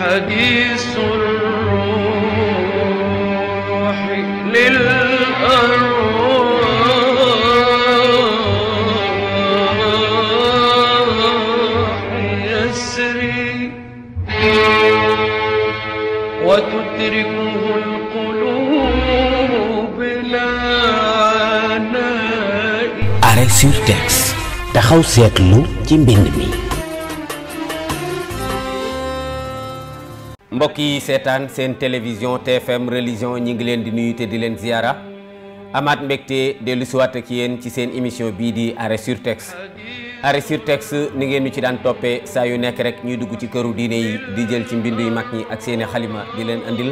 حديث الروح للأرواح يسري وتدركه القلوب لا عناء arrêt sur texte taxaw seetlu ci mbind mi mbokk yi seetaan seen télévision TFM religion ñi ngi leen di nuyu di leen ziyaara amaat mbégte dellu siwaat ki yéen ci seen émission bii di arrêt sur texte arrêt sur ni ngeen ñu ci daan toppee saa yu nekk rek ñuy dugg ci këru diine yi di jël ci mbind yu mag ñi ak seeni xalima di leen andil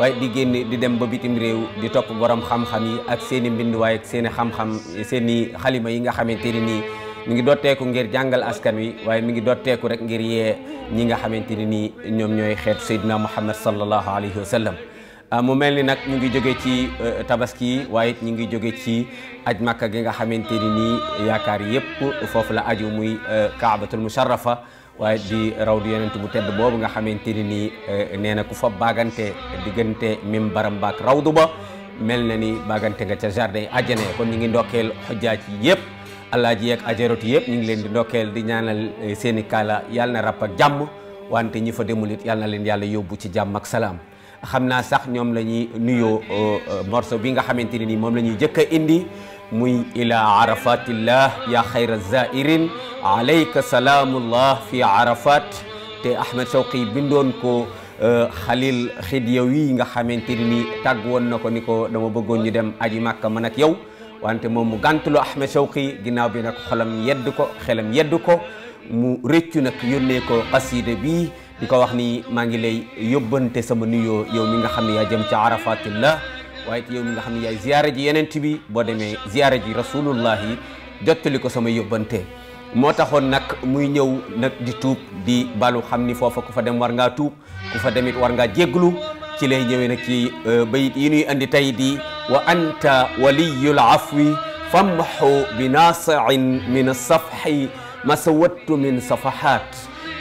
waaye di génn di dem ba bitim réew di topp borom xam-xam yi ak seeni mbind waaye ak seeni xam-xam seeni xalima yi nga xamante ni nii mu ngi dotteeku ngir jàngal askan wi waaye mi ngi dotteeku rek ngir yee ñi nga xamante ne nii ñoom ñooy xeetu Seydina Muhammad sallallahu alayhi wa sallam ah, mu mel ni nag ñu ngi jóge ci eh, tabaski waaye ñu ngi jóge ci aj makka gi nga xamante ni nii yaakaar yëpp foofu la aju muy eh, kaabatul musharrafa waaye di raw di bu tedd boobu nga xamante ni nii eh, nee na ku fa bagante diggante mim baram baak rawdu ba mel na ni bagante nga ca jardin ajjane kon ñu ngi ndokkeel xujjaaj yëpp alaaji yeeg ajaratu yëpp ñu ngi leen di ndokkeel di ñaanal eh, seen i kaala yàlla jàmm wante ñi fa demul it yàlla leen yàlla yóbbu ci jàmm ak salaam xam naa sax ñoom la ñuy nuyoo eh, eh, morceau bi nga xamante ne nii moom la ñuy jëkk indi muy ilaa arafatillah ya xayra zairin alayka salaamullah fi arafat te Ahmed Shawqi bindoon ko Xalil Xidyawi nga xamante ne nii tàgg woon na ko ni ko dama bëggoon ñu dem aji màkka man ak yow wante moom mu gàntuloo Ahmed Shawqi ginnaaw bi nag xolam yedd ko xelam yedd ko mu rëccu nag yónnee ko xasiida bi di ko wax ni maa ngi lay yóbbante sama nuyyo yow mi nga xam ne yaa jëm ci arafatillah waaye yow mi nga xam ne yaay ziyaara ji yenent bi boo demee ziyaara ji rasulullahi jottali ko sama yóbbante moo taxoon nag muy ñëw nag di tuub di balu xam ni foofa ku fa dem war ngaa tuub ku fa demit war ngaa jégglu ci lay ñëwee nag ci euh, bayit yi nuy tey di wa anta waliyul afwi famxu bi nasain min safxi masawattu min safahat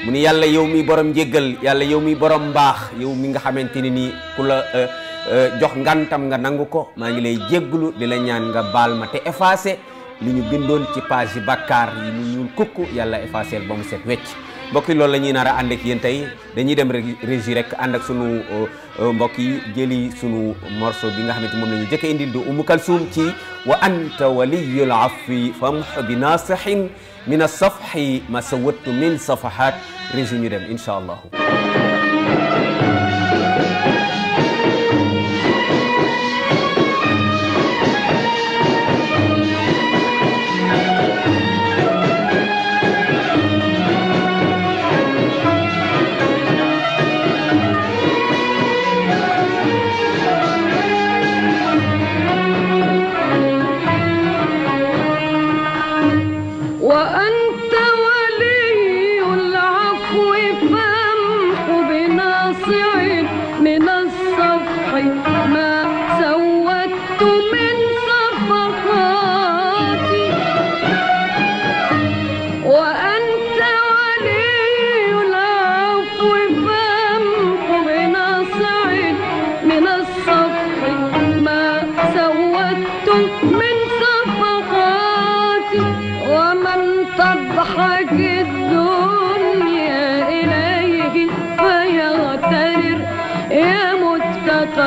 mu ni yàlla yow mi borom njéggal yàlla yow mi borom mbaax yow mi nga xamante ni nii ku la euh, euh, jox ngantam nga nangu ko maa ngi lay jégglu di la ñaan nga baal ma te effacé li ñu bindoon ci page yi bàkkaar yi mu ñuul kukk yàlla effacé ba mu set wecc mbokk yi loolu la ñuy nar a yéen tey dañuy dem régi rek ànd ak sunu euh, mbokk yi jëli sunu morceau bi nga xamante moom la ñu jëkke indil di Umu Kalsum ci wa anta waliyul afwi famh bi nasahin min asafhi ma sawattu min safahat régi ñu dem incha allahu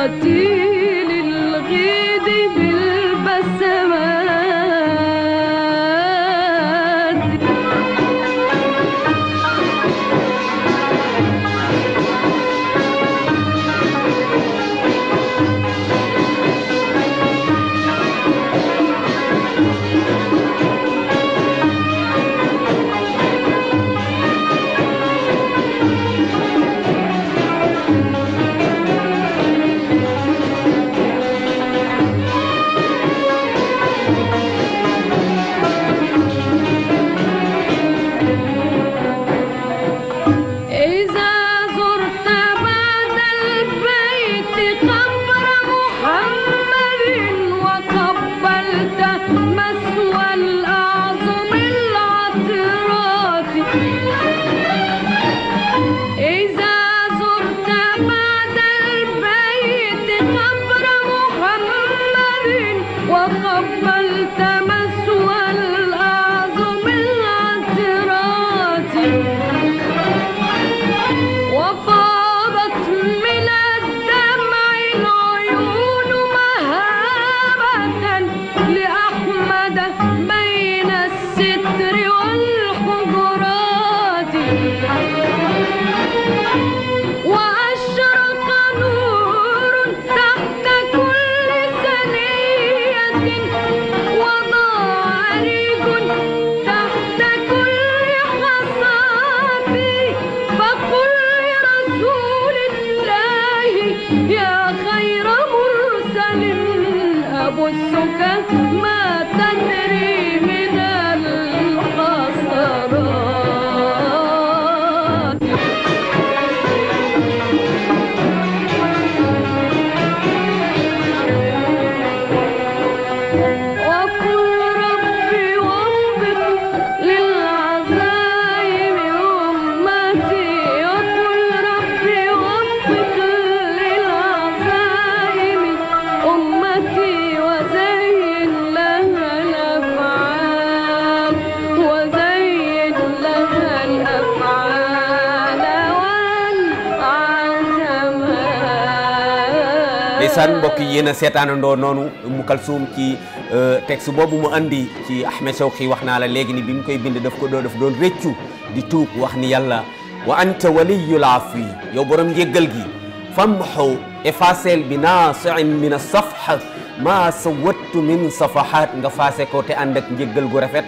vois-tu تقبلت من ndeysaan mbokk yi yéen a seetaanandoo noonu mu kalsuum ci euh, texte boobu mu andi ci Ahmed Shawqi wax naa la léegi ni bi mu koy bind daf ko doo daf doon réccu di tuub wax ni yàlla wa anta waliyul afwi yow borom njéggal gi famxu effacel bi naasiin min asafha ma sawattu min safahat nga faase ko te ànd ak njéggal gu rafet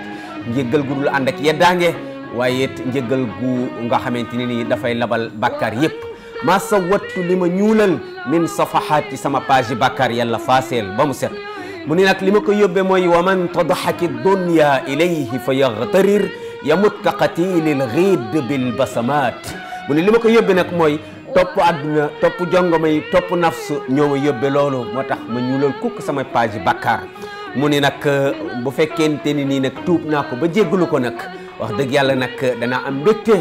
njéggal gu dul ànd ak yeddaange waaye it njéggal gu nga xamante ne ni dafay labal bàkkaar yëpp ma sawattu li ma ñuulal min safahaati sama page bàkkaar yàlla faaseel ba mu set mu ni nag li ma ko yóbbe mooy wa man tadxaki dunya ilayhi fa yaxtarir yamut ka qatilil xiid bil basamaat mu ni li ma ko yóbbe nag mooy topp àdduna topp jongoma yi topp nafs ñoo ma yóbbe loolu moo tax ma ñuulal kukk sama page bàkkaar mu ni nag bu fekkente ni nii nag tuub naa ko ba jéggalu ko nag wax dëgg yàlla nag danaa am mbégte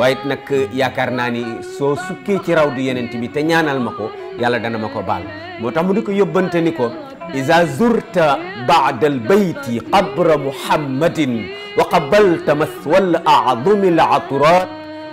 waaye it nag yaakaar naa ni soo sukkee ci raw du yenent bi te ñaanal ma ko yàlla dana ma ko baal moo tax mu di ko yóbbante ni ko iza zurta baada albayti qabra muhammadin wa qabalta maswal aadumi al aturat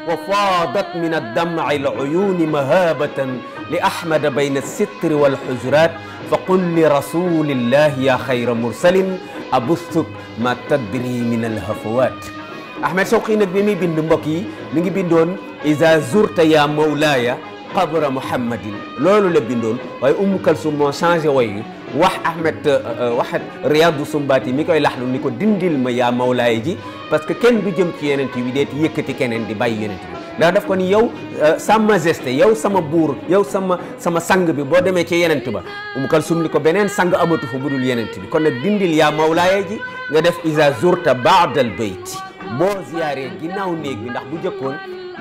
wa faadat min addamci alcuyuni mahabatan li ahmada bayna alsitri walxujurat fa qul li rasulillahi ya xayra mursalin abustuk ma tadri min alhafawat Ahmed Shawqi nag bi muy bind mbokk yi mi ngi bindoon iza zurta ya mawlaaya qabra muhammadin loolu la bindoon waaye Umm Kalsum moo changé wayu wax Ahmed euh, euh, waxat Riyadu Sumbati mi koy laxlu ni ko dindil ma yaa mawlaaya ji parce que kenn du jëm ci yeneen bi deet yëkkati keneen di bàyyi yeneen bi ndax def ko ni yow euh, sa majesté yow sama buur yow sama sama sang bi boo demee ci yenent ba um kalsum ni ko beneen sang amatu bu budul yenent bi kon nag dindil yaa mawlaaye ji nga def isa zurta baadal bayti boo ziyaaree ginnaaw néeg bi ndax bu jëkkoon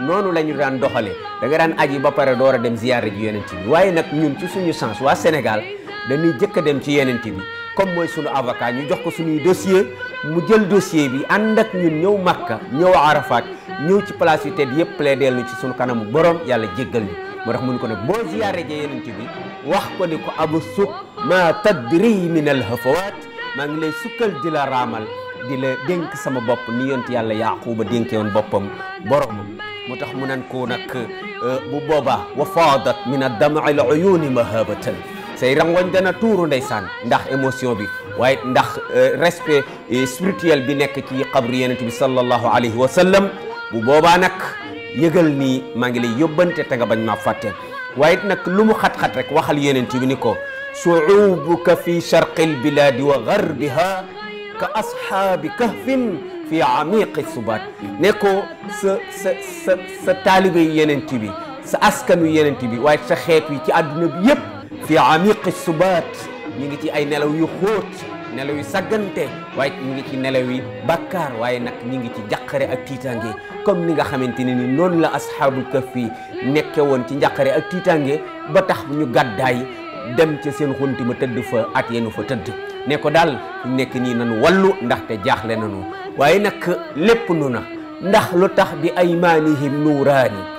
noonu la ñu daan doxalee da nga daan aji ba pare door a dem ziyaare ji yenent bi waaye nag ñun ci suñu chance waa Sénégal dañuy jëkk a dem ci yenent bi comme mooy sunu avocat ñu jox ko suñuy dossier mu jël dossier bi ànd ak ñun ñëw Makka ñëw Arafat ñëw ci place yu tedd yëpp dellu ci sunu kanamu borom yàlla jéggal ñu moo tax mun ko nag boo ziyaare jee yenent bi wax ko ni ko abu suk ma tadri min al hafawaat maa ngi lay sukkal di la raamal di dénk sama bopp ni yont yàlla yaquba dénke woon boppam boromam moo tax mu nan ko nag euh, bu boobaa wa faadat min ad dam'i al uyuni mahabatan say rangoñ dana tuuru ndeysaan ndax émotion bi waayet ndax euh, respect euh, spirituel bi nekk ci xabru yonent bi sallallahu alayhi wa sallam bu boobaa nag yëgal nii maa ngi lay yóbbante te nga bañ maa fàtte waaye it nag lu mu xat-xat rek waxal yonent bi ni ko suubuka fi charqi albiladi wa garbiha ka ashaabi kahfin fi amiqi subaat ne ko sa sa sa sa taalibe yonent tibi sa askan askanu yonent bi waaye sa xeet wi ci àdduna bi yëpp fi amiqi subaat ñu ngi ci ay nelaw yu xóot nelaw yu saggante waaye ñu ngi ci nelaw yi bàkkaar waaye nag ñu ngi ci njàqare ak tiitaange comme ni nga xamante ne ni noonu la asxaabul kahf yi nekke woon ci njàqare ak tiitaange ba tax ñu gàddaay dem ca seen xunti ma tëdd fa at yenu fa tëdd ne ko daal nekk nii nanu wallu ndaxte jaaxle nanu waaye nag lépp nu na ndax lu tax bi ay aymaanihim yi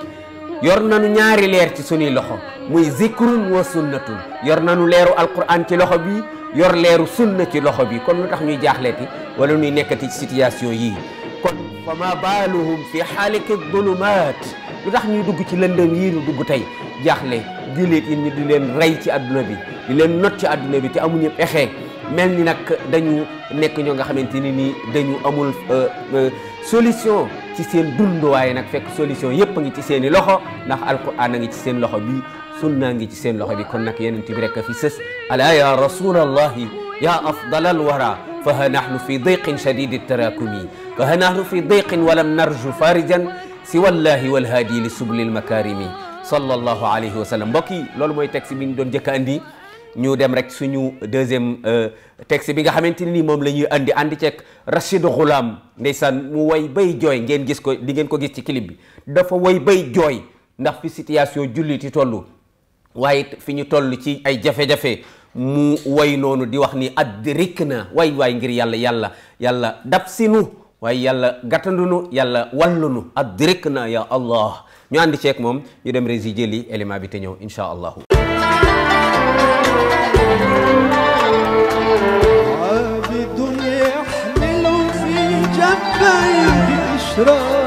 yor na nanu ñaari leer ci sunuy loxo muy zikrun wa sunnatun yor na nanu leeru alquran ci loxo bi yor leeru sunna ci loxo bi kon lu tax ñuy jaaxleeti wala ñuy nekkati ci situation yii kon fa ma baaluhum fi xaaliki dulumaat lu tax ñuy dugg ci lëndëm yii ñu dugg tey jaaxle jullit yi ñu di leen rey ci àdduna bi di leen not ci àdduna bi te amuñu pexe mel ni nag dañu nekk ñoo nga xamante ni nii dañu amul euh, euh, solution ci seen dund waaye fekk solution yëpp a ngi ci seen i loxo ndax alquran a ngi ci seen loxo bi sunna ngi ci seen loxo bi kon nag yenent bi rek a fi sës ala ya rasul allahi ya afdal alwara faha nahnu fi dayqin shadidi tarakumi faha nahnu fi dayqin walam narju farijan si wallahi walhaadi li subli almakarimi sallallahu alayhi wa sallam mbokk yi loolu mooy texte bi ñu doon jëkka andi ñu dem rek suñu deuxième euh, texte bi nga xamante ni moom la ñuy àndi andi ceeg Rachid Ghulam ndeysaan mu way bay jooy ngeen gis ko di ngeen ko gis ci clip bi dafa way bay jooy ndax fi situation julliti tollu waaye fi ñu toll ci ay jafe-jafe mu way noonu di wax ni adrik na waay waay ngir yàlla yàlla yàlla dab sinu waaye yàlla gàttandunu yàlla wallunu adrik na ya allah ñu àndi ceeg moom ñu dem rési li élément bi te ñëw incha allah عابد يحمل في جنبيه إشراق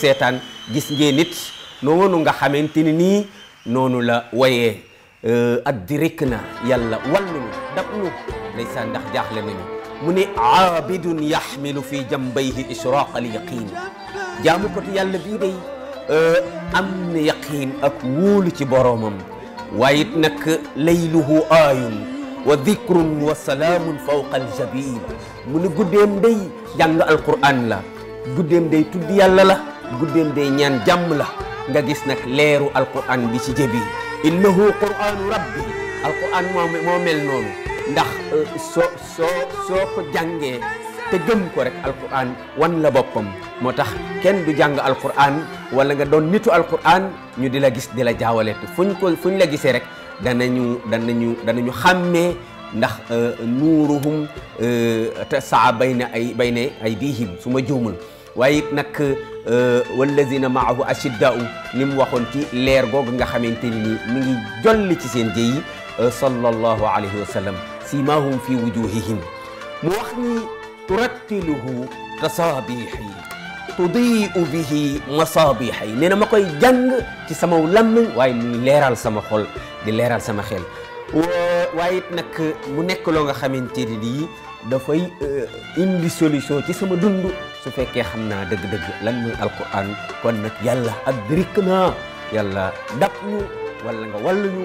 seetaan gis ngeen nit noonu nga xamante ni nii noonu la wayee euh, addirik na yàlla wàlluñu dab ñu ndeysaan ndax jaaxle nañu mu ne aabidun yaxmilu fi jambayhi israaq al yaqin jaamukatu yàlla bii day euh, am na yaqin ak wóolu ci boromam waaye it nag layluhu aayun wa dikrun wa salaamun fawqa aljabin mu ne guddeem day jàng alquran la guddeem day tudd yàlla la guddeem day ñaan jàmm la nga gis nag leeru alquran bi ci jëbi innahu quranu rabbi alquran moo moo mel noonu ndax euh, soo soo ko jàngee te gëm ko rek alquran wan la boppam moo tax kenn du jàng alquran wala nga doon nitu alquran ñu di la gis di la jaawale fuñ ko fuñ la gisee rek danañu danañu danañu xàmmee ndax euh, nuuruhum euh, te saa bay na ay bay ne ay diihim su ma juumul waaye it nag euh, wallazina maahu ashiddaau ni mu waxoon ci leer googu nga xamante ni nii mi ngi jolli ci seen jëyi euh, sallallahu alayhi wa sallam simaahum fi wujuhihim mu wax ni turattiluhu tasaabihi tudiu bihi masaabiha yi ma koy jàng ci sama làmmiñ waaye muy leeral sama xol di leeral sama xel waaye it mu nekk loo nga xamante ni nii dafay euh, indi solution ci sama dund su fekkee xam naa dëgg-dëgg lan mooy alquran kon nag yàlla adrik naa yàlla dab ñu wala nga wàll ñu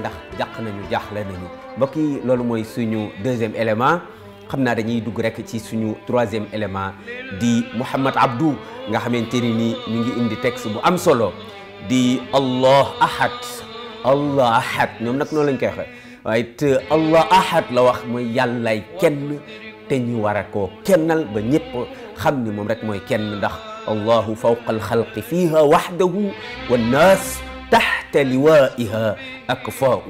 ndax jàq nañu jaaxle nañu mbokk yi loolu mooy suñu deuxième élément xam naa dañuy dugg rek ci suñu troisième élément di Mouhamed Abdou nga xamante ni nii mi ngi indi texte bu am solo di Allah ahad Allah ahad ñoom nag noonu lañ koy waxee waaye te euh, allah ahad la wax mooy yàllaay kenn te ñu war a koo kennal ba ñëpp xam ni moom rek mooy kenn ndax allahu fawqa alxalqi fiiha waxdahu wannaas taxta liwaiha akfaau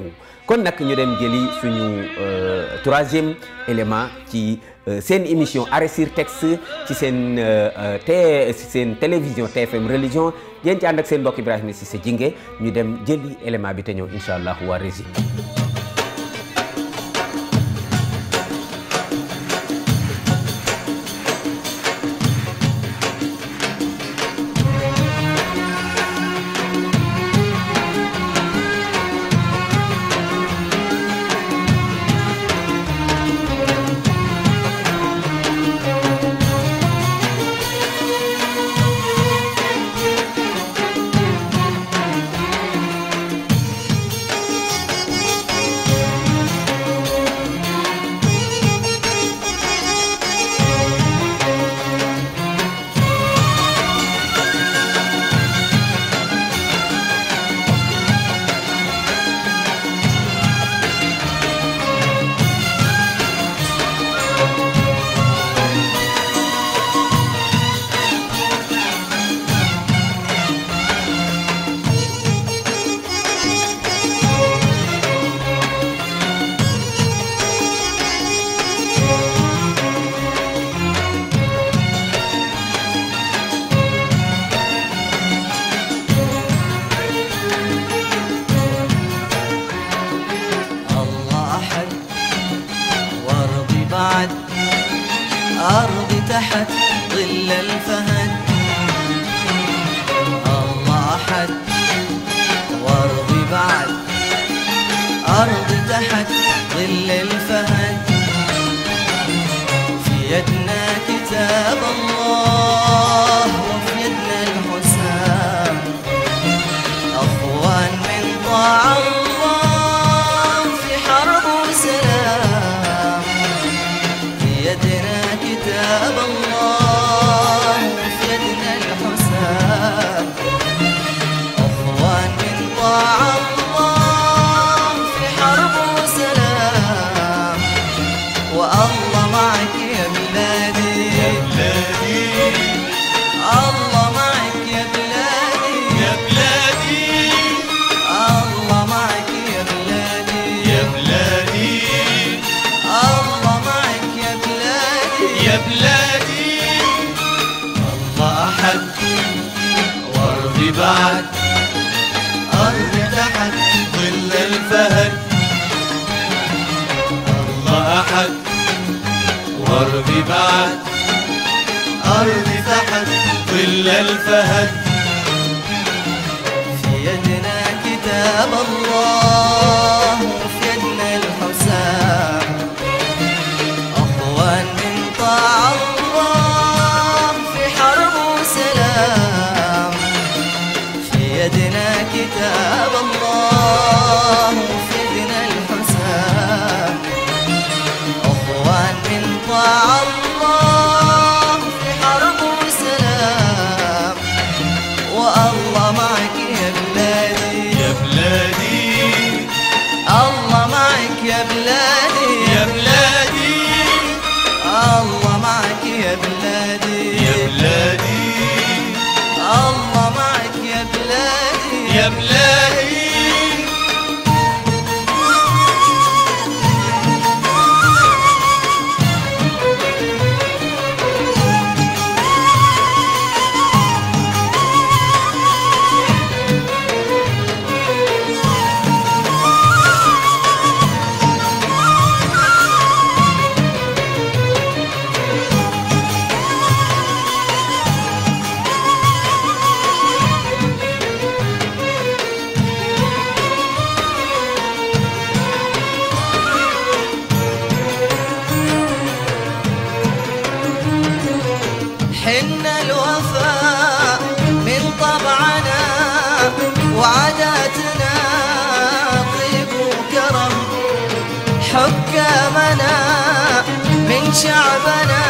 kon nag ñu dem jëli suñu euh, troisième élément ci euh, seen émission arrêt sur texte ci seen t ci seen télévision TFM religion ngeen ci ànd ak seen mbokk si se jinge ñu dem jëli élément bi te ñëw incha allah waa régime وجدنا كتاب الله وفدنا الحساب أخوان من طاعة شعبنا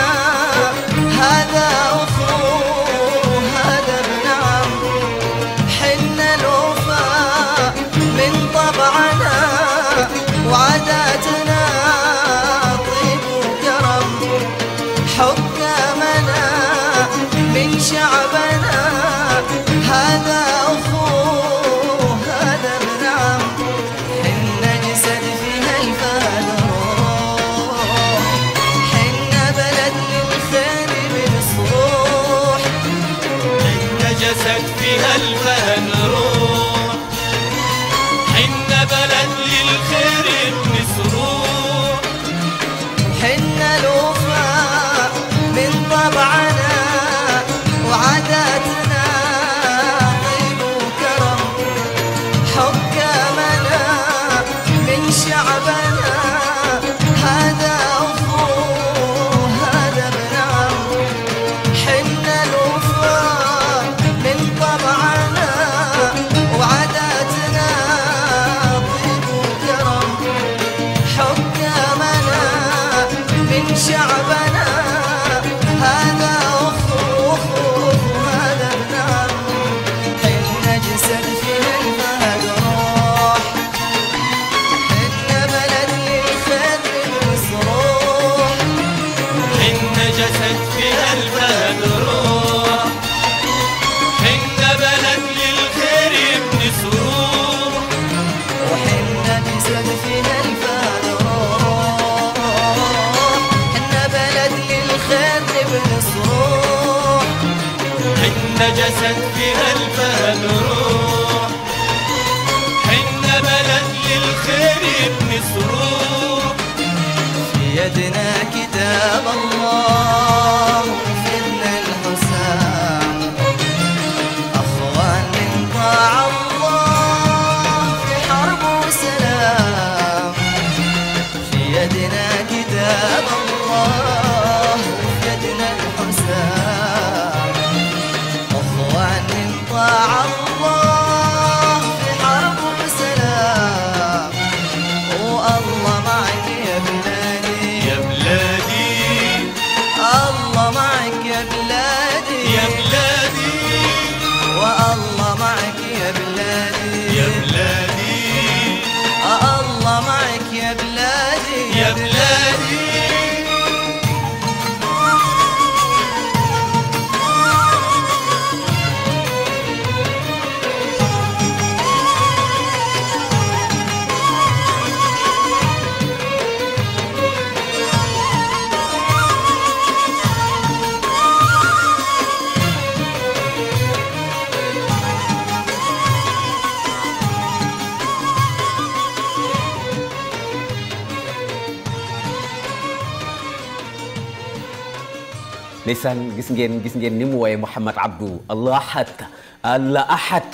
ndeysaan gis ngeen gis ngeen ni mu wooye Mouhamad Abdou allah ahad allah ahad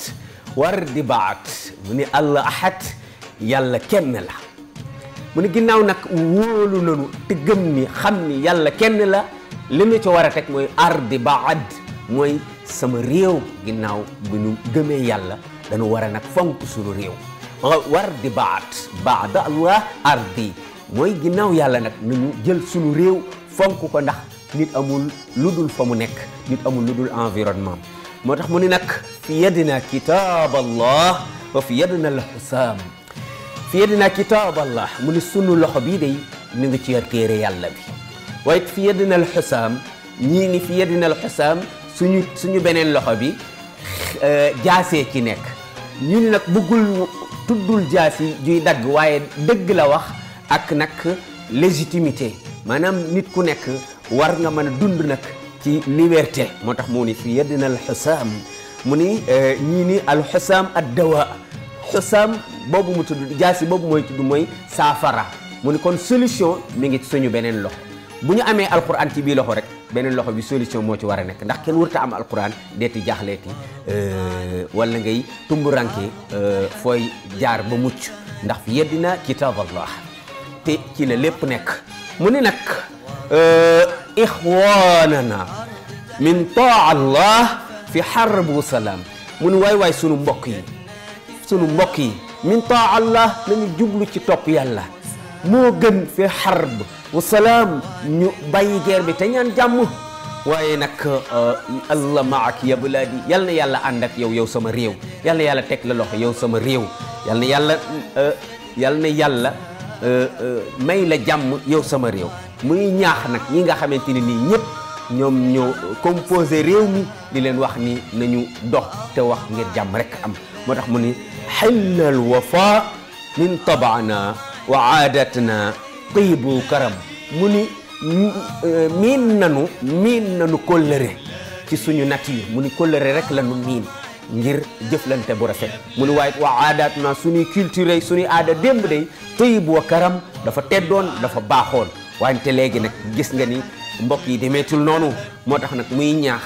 war di baat mu allah ahad yàlla kenn la mu ni ginnaaw nag wóolu nanu te gëm ni xam ni yàlla kenn la li ñu war a teg mooy ardi baad sama réew ginnaaw bi ñu gëmee yàlla dañu war nag fonk suñu réew baat baada allah ardi mooy ginnaaw yàlla nag nañu jël suñu réew fonk ko ndax nit amul lu dul fa mu nekk nit amul lu dul environnement moo tax mu ni nag fi yadina kitab allah wa fi yadina al husaam fi yadina kitab mu ni sunu loxo bii day mi ngi ci yor téere yàlla bi waaye fi yadina al husaam ñii ni fi yadina al suñu suñu beneen loxo bi eh, jaasee ci nekk ñu ni nag bëggul tuddul jaas yi juy dagg waaye dëgg la wax ak nag légitimité maanaam nit ku nekk war nga mën a dund nag ci liberté moo tax mu ni fi yadina alxusaam mu ni eh, ñii ni alxusaam ad dawa xusaam boobu mu tudd jaasi boobu mooy mooy saafara mu ni kon solution mi ngi suñu beneen loxo bu ñu amee alquran ci bii loxo rek beneen loxo bi solution moo ci war a nekk ndax kenn warut a am alquran deeti jaaxleeti eh, wala ngay tumburanke eh, fooy jaar ba mucc ndax fi yeddina kitaab allah te ci lépp nekk mu ni nag ixwanana min taa allah fi xarb wa salaam mu ne waay waay sunu mbokk yi sunu mbokk yi min taa allah nañu jublu ci topp yàlla moo gën fi xarb wa salaam ñu bàyyi guerre bi te ñaan jàmm waaye nag allah maak ya buladi yal na yàlla ànd ak yow yow sama réew yal na yàlla teg la loxo yow sama réew yal na yàlla yal na yàlla may la jàmm yow sama réew mu ñaax nag ñi nga xamante ne nii ñëpp ñoom ñoo composé réew mi di leen wax ni nañu dox te wax ngir jàmm rek am moo tax mu ni xillal wafa min tabaana wa aadatna tiibu karam mu ni miin nanu miin nanu kóllëre ci suñu nature mu ni kóllëre rek lanu miin ngir jëflante bu rafet mu nu waaye wax aadaat na suñuy culture suñuy aada démb day tayib wa karam dafa teddoon dafa baaxoon wante léegi nag gis nga ni mbokk yi demeetul noonu moo tax nag muy ñaax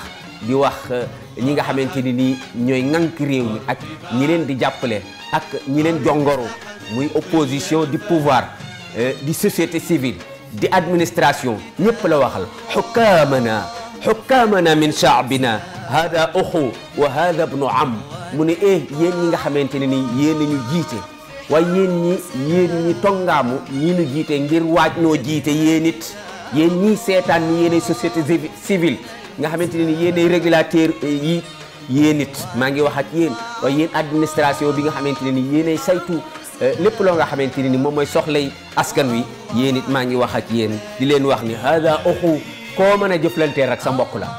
di wax eh, ñi nga xamante ni nii ñooy ŋànk réew mi ak ñi leen di jàppale ak ñi leen jongoru muy opposition di pouvoir eh, di société civile di administration ñëpp la waxal xukkaamana xukkaamana min shaabina hada oxu wa hada bnu am mu ne eh yéen ñi nga xamante ne nii yéen nañu jiite waaye yéen ñi yéen ñi tongaamu ñi nu jiite ngir waaj noo jiite yéen it yéen ñii seetaan ni yéenay société civile nga xamante ne ni yéenay régulateur yi yéen it maa ngi wax ak yéen waaye yéen administration bi nga xamante ne ni yéenay saytu eh, lépp loo nga xamante ne ni moom mooy soxlay askan wi yéen it maa ngi wax ak yéen di leen wax ni hada oxu koo mën a jëflanteel rek sa mbokk la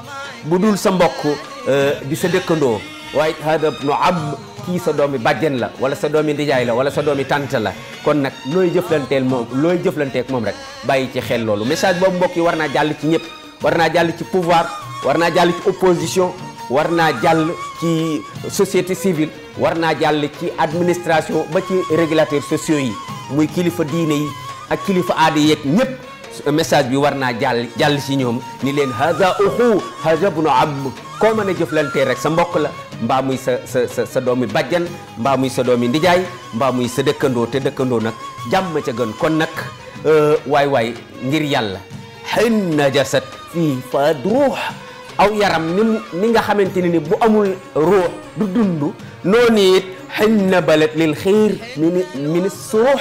bu dul sa mbokk eh, di sa dëkkandoo waaye hada nu ab kii sa doomi bàjjen la wala sa doomi ndijaay la wala sa doomi tante la kon nag looy jëflanteel moom looy jëflanteek moom rek bàyyi ci xel loolu message boobu mbokk yi war naa jàll ci ñëpp war naa jàll ci pouvoir war naa jàll ci opposition war naa jàll ci société civile war naa jàll ci administration ba ci régulateurs sociaux yi muy kilifa diine yi ak kilifa aada yeeg ñëpp message bi war naa jàll jàll ci ñoom ni leen haza uxu haza bunu am koo mën a jëflantee rek sa mbokk la mbaa muy sa sa sa sa doomi bàjjan mbaa muy sa doomi ndijaay mbaa muy sa dëkkandoo te dëkkandoo nag jàmm ca gën kon nag euh, waay waay ngir yàlla xën na jasad fii faad ruux aw yaram ni nga xamante ne ni bu amul ruux du dund noonu it na balet lil xiir mi ni mi ni suux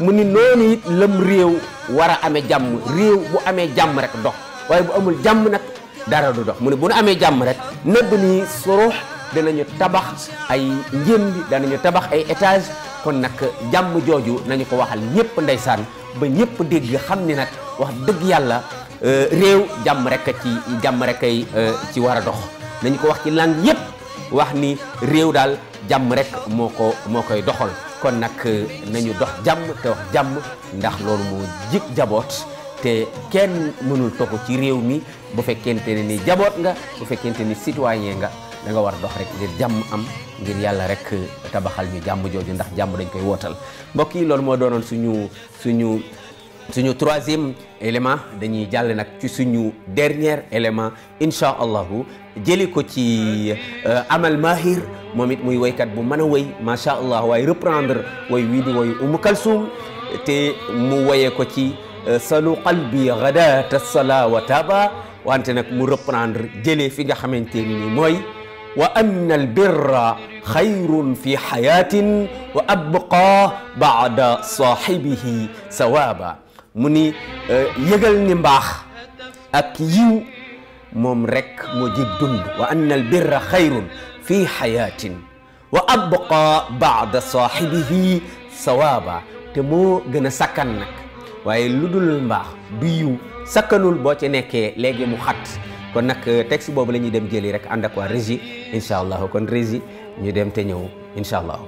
mu ni noonu it réew war a amee jàmm réew bu amee jàmm rek dox waaye bu amul jàmm nag dara du dox mu ne bu nu amee jàmm rek nëbb nii suruux danañu tabax ay njënd danañu tabax ay étage kon nag jàmm jooju nañu ko waxal ñëpp ndeysaan ba ñëpp dégg xam ni nag wax dëgg yàlla euh, réew jàmm rek ci jàmm rek ay euh, ci war a dox nañu ko wax ci lang yëpp wax ni réew daal jàmm rek moo ko moo koy doxal kon nag euh, nañu dox jàmm te wax jàmm ndax loolu moo jig jaboot te kenn mënul toxu ci réew mi bu fekkente ne ni jaboot nga bu fekkente ni citoyen nga danga war dox rek ngir jàmm am ngir yàlla rek tabaxal ñu jàmm jooju ndax jàmm dañ koy wootal mbokk yi loolu moo doonoon suñu suñu suñu troisième élément dañuy jàll nag ci suñu dernier élément incha allahu jëli ko ci euh, Amal Mahir moom it muy woykat bu mën a woy macha allah waaye reprendre woy wii di woy umm Kalsum te mu woyee ko ci euh, salu qalbi gadaata sala wa taba wante nag mu reprendre jëlee fi nga xamante ni mooy wa anna albirra xayrun fi xayaatin wa abqa baada saaxibihi sawaaba mu ni e, yëgal ni mbaax ak yiw moom rek moo jig dund wa anna albirra xayrun fi xayaatin wa abqa baada saaxibihi sawaaba te moo gën a sakkan nag waaye lu dul mbaax du yiw sakkanul boo ci nekkee léegi mu xat kon nag euh, texte boobu la ñuy dem jëli rek ànd ak waa régie incha allah kon régie ñu dem te ñëw incha allah.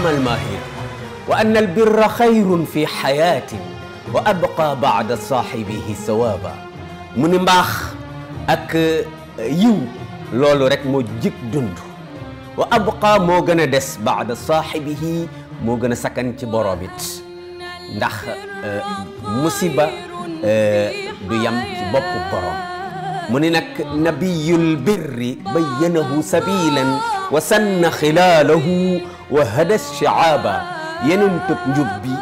نعم الماهر وأن البر خير في حياة وأبقى بعد صاحبه ثوابا mu ni mbaax ak yiw loolu rek moo jig dund wa abqa moo gën a des baada saaxibihi moo gën a sakkan ci boroom it ndax eh, musiba eh, du yam ci boppu boroom mu ni nag nabiyul birri bayyanahu sabilan wa sanna xilaalahu wa hada shiaaba yenentub njub bi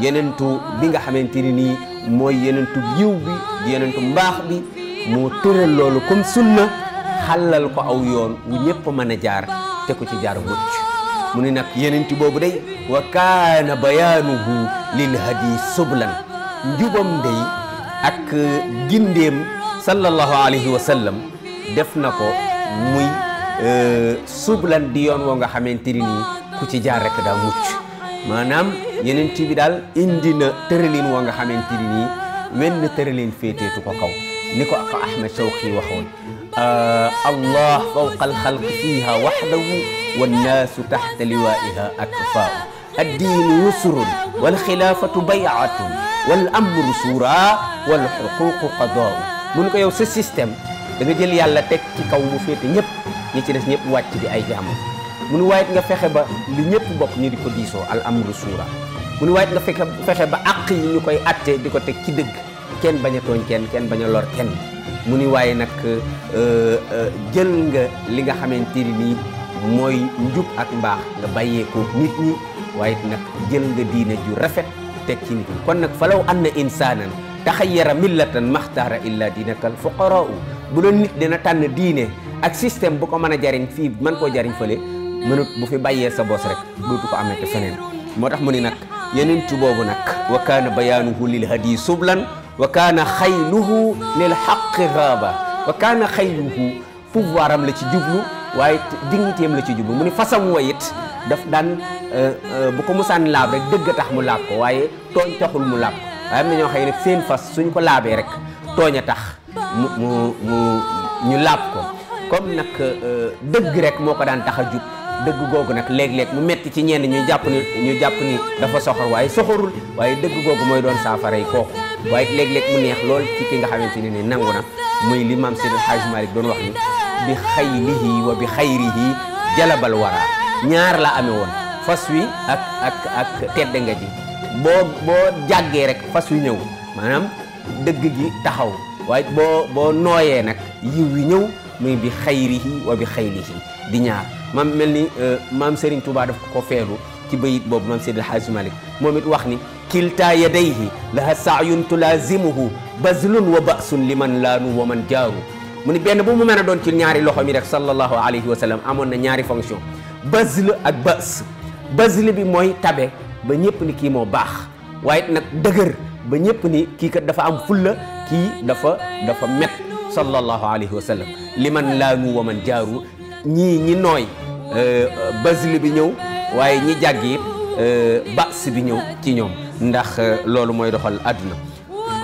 yenentu bi nga xamante ni nii mooy yenentub yiw bi di yenentu mbaax bi moo tëral loolu comme sunna xàllal ko yoon wu ñëpp mën a jaar te ku ci jaar mucc mu ni nag yenenti boobu day wa kaana bayaanuhu lil hadi sublan njubam day ak gindeem sallallahu alayhi wa def na ko muy Euh, sublan di yoon woo nga xamante ni ku ci jaar rek daa mucc maanaam yeneen ci bi daal indi na tëralin woo nga xamante ni nii wenn tëralin féeteetu ko kaw ni ko ak Ahmed Shawqi waxoon euh, allah fawqa alxalqi fiiha waxdahu wannaasu taxta liwaa'iha akfaa'u addiinu yusrun walxilaafatu bay'atun wal amru suura wal xuquuqu qadaa'u mun ko yow sa système da nga jël yàlla teg ci kaw mu féete ñëpp ñi ci def ñëpp wàcc di ay jàmm mu ni waayet nga fexe ba li ñëpp bokk ñu di ko diisoo al amru suura mu ni waayet nga fexe fexe ba àq yi ñu koy attee di ko teg ci dëgg kenn bañ a tooñ kenn kenn bañ a lor kenn mu ni waaye nag euh, euh, jël nga li nga xamante ni nii mooy njub ak mbaax nga bàyyeekoo nit ñi waaye nag jël nga diine ju rafet teg ci nit kon nag falaw anna insaanan taxayyara millatan maxtaara illa diinakal fuqaraa bu doon nit dina tànn diine ak système bu ko mën a jariñ fii mën koo jariñ le mënut bu fi bàyyee sa boos rek dootu ko amee te feneen moo tax mu ni nag yeneen tu boobu nag wa kaana bayaanuhu lil hadiyi sublan wa kaana xayluhu lil xaqi raaba wa kaana xayluhu pouvoir am la ci jublu waaye dignitéem la ci jublu mu ni fasam wayit daf daan euh, euh, bu ko musaan laab rek dëgg tax mu laab ko waaye tooñ taxul mu laab ko waaye am na ñoo xëy nag seen fas suñ ko laabee rek tooñ a tax mu mu mu ñu laab ko comme nag euh, dëgg rek moo ko daan tax a jub dëgg googu nag léeg-léeg mu metti ci ñenn ñuy jàpp ni ñu jàpp ni dafa soxor waaye soxorul waaye dëgg googu mooy doon saafara yi kooku waaye léeg-léeg mu neex lool ci ki nga xamante ne ni nangu na muy li maam Seydi Hadji Malick doon wax ni bi xayrihi wa bi xayrihi jalabal wara ñaar la amee woon fas wi ak ak ak tedd nga ji boo boo jàggee rek fas wi ñëw maanaam dëgg gi taxaw waaye boo boo nooyee nag yiw wi ñëw muy bi xayrihi wa bi xaylihi di ñaar man mel ni euh, maam Serigne Touba daf ko feelu ci bayit boobu maam Seydi El Hadji Malick moom it wax ni kilta yadayhi laha saayun tulazimuhu bazlun wa basun liman laanu wa man jaaru mu ni benn bu mu mën a doon ci ñaari loxo mi rek sallallahu alayhi wa sallam amoon na ñaari fonction bazl ak bas bi mooy tabe ba ñëpp ni kii moo baax waaye nag dëgër ba ñëpp ni kii kat dafa am fulla kii dafa dafa met sallallahu alayhi wa sallam li man laanu wa man jaaru ñii ñi nooy euh, basile bi ñëw waaye ñi jàgg it euh, bas bi ñëw ci ñoom ndax euh, loolu mooy doxal àdduna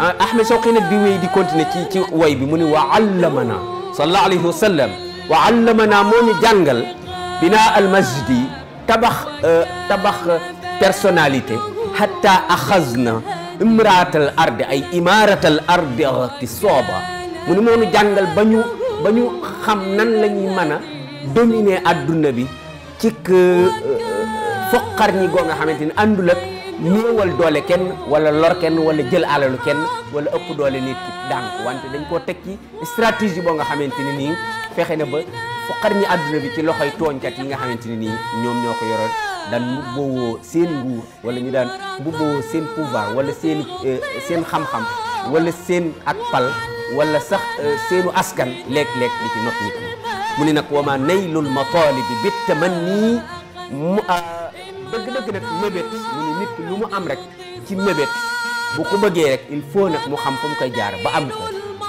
ah, ahmed sawqi nag di wéy di continuer ci ci way bi mu ni wa allamana sallallahu alayhi wa sallam wa allamana moo ñu jàngal binaa al masjidi tabax tabax personnalité hatta axaz na imraatal ardi ay imaaratal ardi ti sooba mu ni moonu jàngal ba ñu ba xam nan lañuy ñuy mën a dominer adduna bi ci euh, foqar xarñi goo nga xamante ni àndul ak néewal doole kenn wala lor kenn wala jël alalu kenn wala ëpp doole nit ki dànk wante dañ koo teg ci stratégie boo nga xamante ni nii fexe na ba foqar ñi adduna bi ci loxoy tooñkat yi nga xamante ni nii ñoom ñoo ko yoroon daan mbubboo seen nguur wala ñu daan mbubboo seen pouvoir wala seen euh, seen xam-xam wala seen ak pal wala sax euh, seenu askan léeg lekk di ci not nit ñi mu ni nag wama naylul matalibi bit tamanni mu euh, dëgg-dëgg nag mébét mu ni nit lu mu am rek ci mébét bu ko bëggee rek il faut nag mu xam fu mu koy jaar ba am ko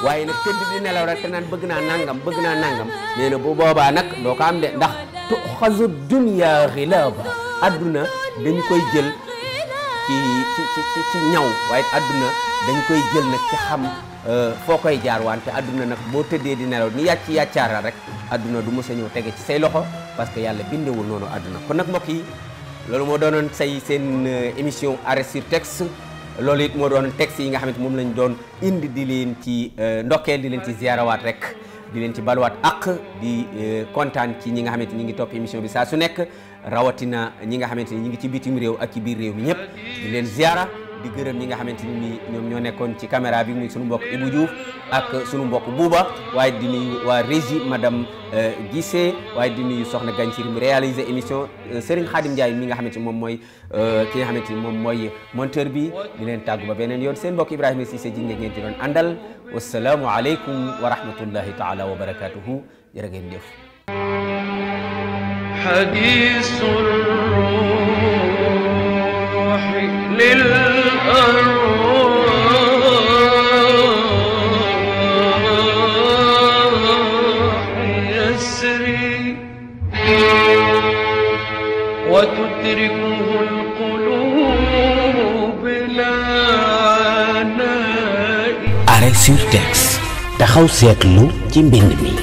waaye nag tëdd di nelaw rek te naan bëgg naa nangam bëgg naa nangam nee na bu boobaa nag doo ko am de ndax tuxasu dunya xilaaba adduna dañ koy jël ci ci ñaw waaye adduna dañ koy jël nag ci xam Euh, foo koy jaar wante adduna nag boo tëddee di nelaw ni yàcc yàccaara rek adduna du mos ñëw tege ci say loxo parce que yàlla bindewul noonu adduna ko nag mbokk yi loolu moo doonoon say seen euh, émission arrêt sur texte loolu it moo doon texte yi nga xamante moom lañ doon indi di leen ci euh, ndokkeel di leen ci ziarawaat rek di leen ci baluwaat ak di kontaan ci ñi nga xamante ñi ngi topp émission bi saa su nekk rawatina ñi nga xamante ni ñi ngi ci bitim réew ak ci biir réew mi ñëpp di gërëm ñi nga xamante ni ñoom ñoo nekkoon ci caméra bi muy sunu mbokk Ibou Diouf ak sunu mbokk Bouba waaye di nuyu waa régie madame euh, Guissé waaye di nuyu soxna Gancir mi réaliser émission euh, Serigne Khadim Ndiaye mi nga xamante ni moom mooy euh, ki nga xamante ni moom mooy monteur bi di leen tàggu ba beneen yoon seen mbokk Ibrahima Cissé jinge ngeen ci doon àndal wasalaamu aleykum wa rahmatullahi taala wa barakatuhu jërë ngeen jëf حديث الروح لله Arrêt sur texte taxaw seetlu ci mbind